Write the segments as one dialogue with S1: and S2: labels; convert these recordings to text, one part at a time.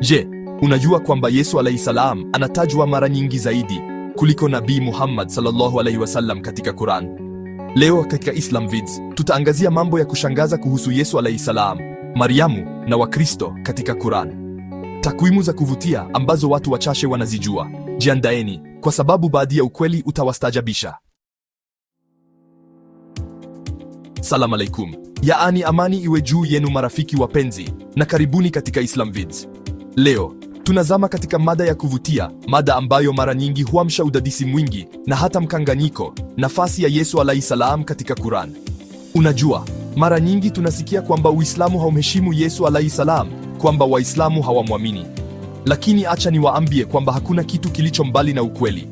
S1: Je, unajua kwamba Yesu alayhi salam anatajwa mara nyingi zaidi kuliko Nabii Muhammad sallallahu alayhi wasallam katika Quran? Leo katika Islam Vids tutaangazia mambo ya kushangaza kuhusu Yesu alayhi salam, Mariamu na Wakristo katika Quran. Takwimu za kuvutia ambazo watu wachache wanazijua. Jiandaeni kwa sababu baadhi ya ukweli utawastajabisha. Salam alaikum, yaani amani iwe juu yenu marafiki wapenzi, na karibuni katika Islam Vids. Leo tunazama katika mada ya kuvutia, mada ambayo mara nyingi huamsha udadisi mwingi na hata mkanganyiko: nafasi ya Yesu alaihi salam katika Quran. Unajua, mara nyingi tunasikia kwamba Uislamu haumheshimu Yesu alaihi salam, kwamba Waislamu hawamwamini. Lakini acha niwaambie kwamba hakuna kitu kilicho mbali na ukweli.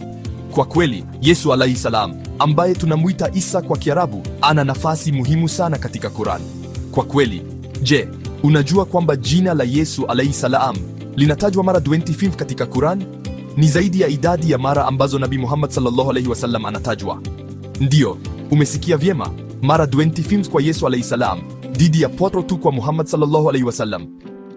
S1: Kwa kweli, Yesu alaihi salam ambaye tunamwita Isa kwa Kiarabu ana nafasi muhimu sana katika Quran. Kwa kweli, je, unajua kwamba jina la Yesu alaihi salam linatajwa mara 25 katika Quran, ni zaidi ya idadi ya mara ambazo Nabii Muhammad sallallahu alaihi wasallam anatajwa. Ndiyo, umesikia vyema, mara 25 kwa Yesu alaihi salam dhidi ya potro tu kwa Muhammad sallallahu alaihi wasallam.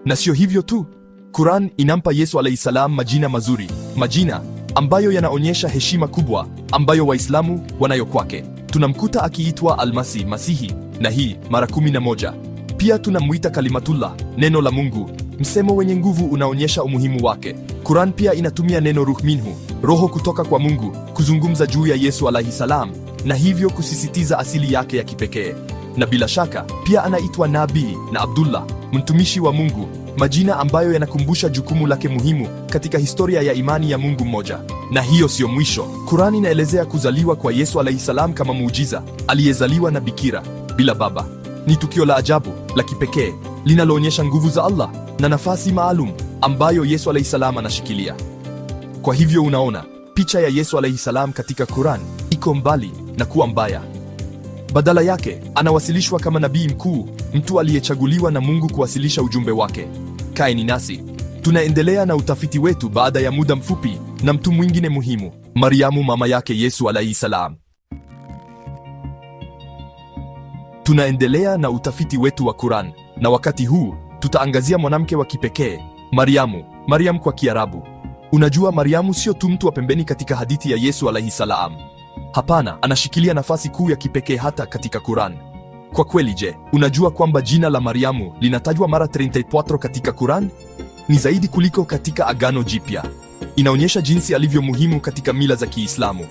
S1: Na sio hivyo tu, Quran inampa Yesu alaihi salam majina mazuri, majina ambayo yanaonyesha heshima kubwa ambayo Waislamu wanayo kwake. Tunamkuta akiitwa almasih Masihi, na hii mara 11. Pia tunamwita Kalimatullah, neno la Mungu, msemo wenye nguvu unaonyesha umuhimu wake. Quran pia inatumia neno ruh minhu, roho kutoka kwa Mungu, kuzungumza juu ya Yesu alaihi salam, na hivyo kusisitiza asili yake ya kipekee. Na bila shaka pia anaitwa nabii na Abdullah, mtumishi wa Mungu, majina ambayo yanakumbusha jukumu lake muhimu katika historia ya imani ya Mungu mmoja. Na hiyo siyo mwisho. kuran inaelezea kuzaliwa kwa Yesu alaihi salam kama muujiza, aliyezaliwa na bikira bila baba. Ni tukio la ajabu la kipekee linaloonyesha nguvu za Allah na nafasi maalum ambayo Yesu alayhi salam anashikilia. Kwa hivyo unaona picha ya Yesu alayhi salam katika Quran iko mbali na kuwa mbaya. Badala yake anawasilishwa kama nabii mkuu, mtu aliyechaguliwa na Mungu kuwasilisha ujumbe wake. Kaeni nasi tunaendelea na utafiti wetu baada ya muda mfupi na mtu mwingine muhimu, Mariamu mama yake Yesu alayhi salam. Tunaendelea na utafiti wetu wa Quran na wakati huu tutaangazia mwanamke wa kipekee Mariamu, Mariam kwa Kiarabu. Unajua, Mariamu sio tu mtu wa pembeni katika hadithi ya Yesu alaihi salaam. Hapana, anashikilia nafasi kuu ya kipekee hata katika Quran. Kwa kweli, je, unajua kwamba jina la Mariamu linatajwa mara 34 katika Quran? Ni zaidi kuliko katika Agano Jipya. Inaonyesha jinsi alivyo muhimu katika mila za Kiislamu.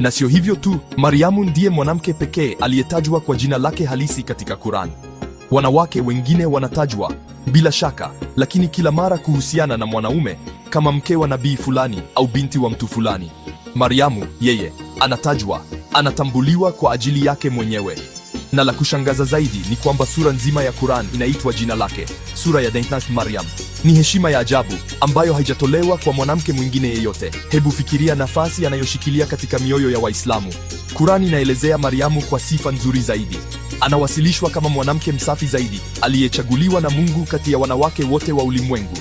S1: Na sio hivyo tu, Mariamu ndiye mwanamke pekee aliyetajwa kwa jina lake halisi katika Quran. Wanawake wengine wanatajwa bila shaka, lakini kila mara kuhusiana na mwanaume kama mke wa nabii fulani au binti wa mtu fulani. Mariamu yeye anatajwa, anatambuliwa kwa ajili yake mwenyewe, na la kushangaza zaidi ni kwamba sura nzima ya Qur'an inaitwa jina lake, sura ya Maryam, ni heshima ya ajabu ambayo haijatolewa kwa mwanamke mwingine yeyote. Hebu fikiria nafasi anayoshikilia katika mioyo ya Waislamu. Kurani inaelezea Mariamu kwa sifa nzuri zaidi. Anawasilishwa kama mwanamke msafi zaidi, aliyechaguliwa na Mungu kati ya wanawake wote wa ulimwengu.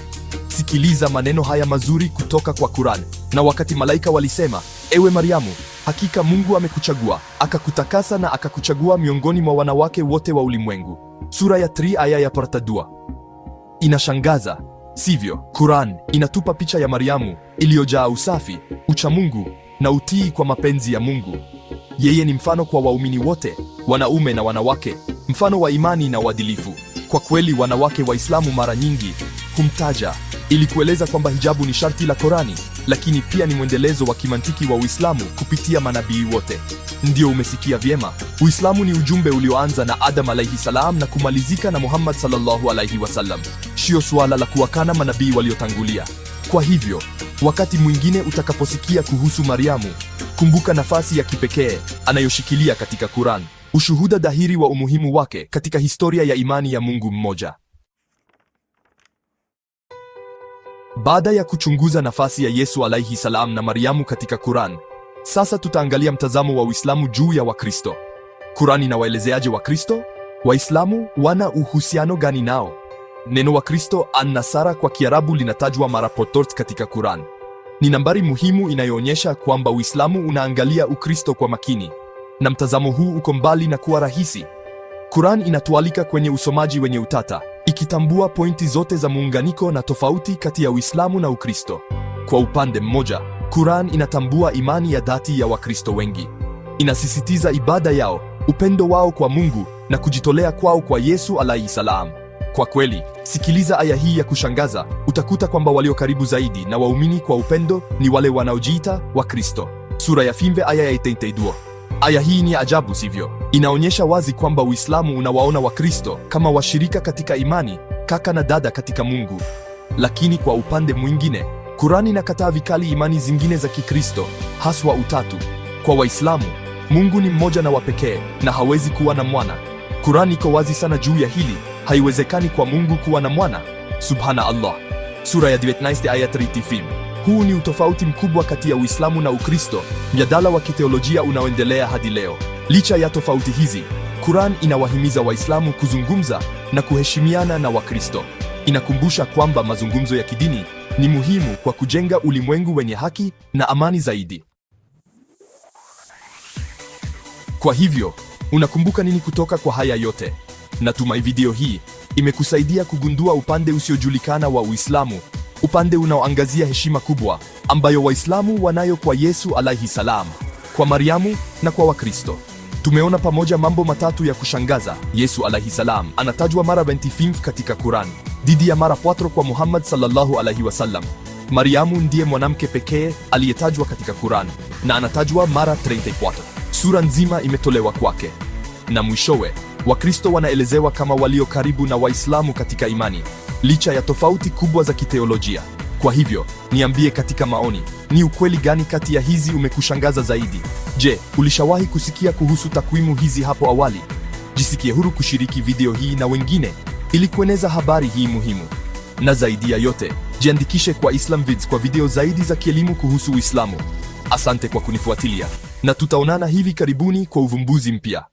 S1: Sikiliza maneno haya mazuri kutoka kwa Quran. Na wakati malaika walisema, ewe Mariamu, hakika Mungu amekuchagua, akakutakasa na akakuchagua miongoni mwa wanawake wote wa ulimwengu. Sura ya 3 aya ya partadua. Inashangaza sivyo? Quran inatupa picha ya Mariamu iliyojaa usafi, uchamungu na utii kwa mapenzi ya Mungu. Yeye ni mfano kwa waumini wote, wanaume na wanawake, mfano wa imani na uadilifu. Kwa kweli, wanawake Waislamu mara nyingi humtaja ili kueleza kwamba hijabu ni sharti la Korani, lakini pia ni mwendelezo wa kimantiki wa Uislamu kupitia manabii wote ndio umesikia vyema. Uislamu ni ujumbe ulioanza na Adam alaihi salam na kumalizika na Muhammad sallallahu alaihi wasallam, siyo suala la kuwakana manabii waliotangulia. Kwa hivyo, wakati mwingine utakaposikia kuhusu Mariamu, kumbuka nafasi ya kipekee anayoshikilia katika Quran, ushuhuda dhahiri wa umuhimu wake katika historia ya imani ya Mungu mmoja. Baada ya kuchunguza nafasi ya Yesu alaihi salam na Mariamu katika Quran, sasa tutaangalia mtazamo wa Uislamu juu ya Wakristo. Kurani na waelezeaje Wakristo? Waislamu wana uhusiano gani nao? Neno Wakristo an-Nasara kwa Kiarabu linatajwa mara potort katika Quran. Ni nambari muhimu inayoonyesha kwamba Uislamu unaangalia Ukristo kwa makini, na mtazamo huu uko mbali na kuwa rahisi. Quran inatualika kwenye usomaji wenye utata, ikitambua pointi zote za muunganiko na tofauti kati ya Uislamu na Ukristo. Kwa upande mmoja Quran inatambua imani ya dhati ya Wakristo wengi. Inasisitiza ibada yao, upendo wao kwa Mungu na kujitolea kwao kwa Yesu alaihi salam. Kwa kweli, sikiliza aya hii ya kushangaza, utakuta kwamba walio karibu zaidi na waumini kwa upendo ni wale wanaojiita Wakristo. Sura ya Fimbe aya ya 82. Aya hii ni ajabu, sivyo? Inaonyesha wazi kwamba Uislamu unawaona Wakristo kama washirika katika imani, kaka na dada katika Mungu. Lakini kwa upande mwingine, Kurani inakataa vikali imani zingine za Kikristo, haswa utatu. Kwa Waislamu, Mungu ni mmoja na wa pekee na hawezi kuwa na mwana. Kurani iko wazi sana juu ya hili, haiwezekani kwa Mungu kuwa na mwana. Subhana Allah, sura ya 19 aya 35. Huu ni utofauti mkubwa kati ya Uislamu na Ukristo, mjadala wa kiteolojia unaoendelea hadi leo. Licha ya tofauti hizi, Kurani inawahimiza Waislamu kuzungumza na kuheshimiana na Wakristo. Inakumbusha kwamba mazungumzo ya kidini ni muhimu kwa kujenga ulimwengu wenye haki na amani zaidi. Kwa hivyo, unakumbuka nini kutoka kwa haya yote? Natumai video hii imekusaidia kugundua upande usiojulikana wa Uislamu, upande unaoangazia heshima kubwa ambayo Waislamu wanayo kwa Yesu alaihi salam, kwa Mariamu na kwa Wakristo. Tumeona pamoja mambo matatu ya kushangaza. Yesu alaihi salam anatajwa mara 25 katika Qur'an dhidi ya mara kwatro kwa Muhammad sallallahu alaihi wasallam. Mariamu ndiye mwanamke pekee aliyetajwa katika Quran na anatajwa mara 34. Sura nzima imetolewa kwake, na mwishowe Wakristo wanaelezewa kama walio karibu na Waislamu katika imani licha ya tofauti kubwa za kiteolojia. Kwa hivyo niambie katika maoni, ni ukweli gani kati ya hizi umekushangaza zaidi? Je, ulishawahi kusikia kuhusu takwimu hizi hapo awali? Jisikie huru kushiriki video hii na wengine ili kueneza habari hii muhimu. Na zaidi ya yote, jiandikishe kwa IslamVids kwa video zaidi za kielimu kuhusu Uislamu. Asante kwa kunifuatilia na tutaonana hivi karibuni kwa uvumbuzi mpya.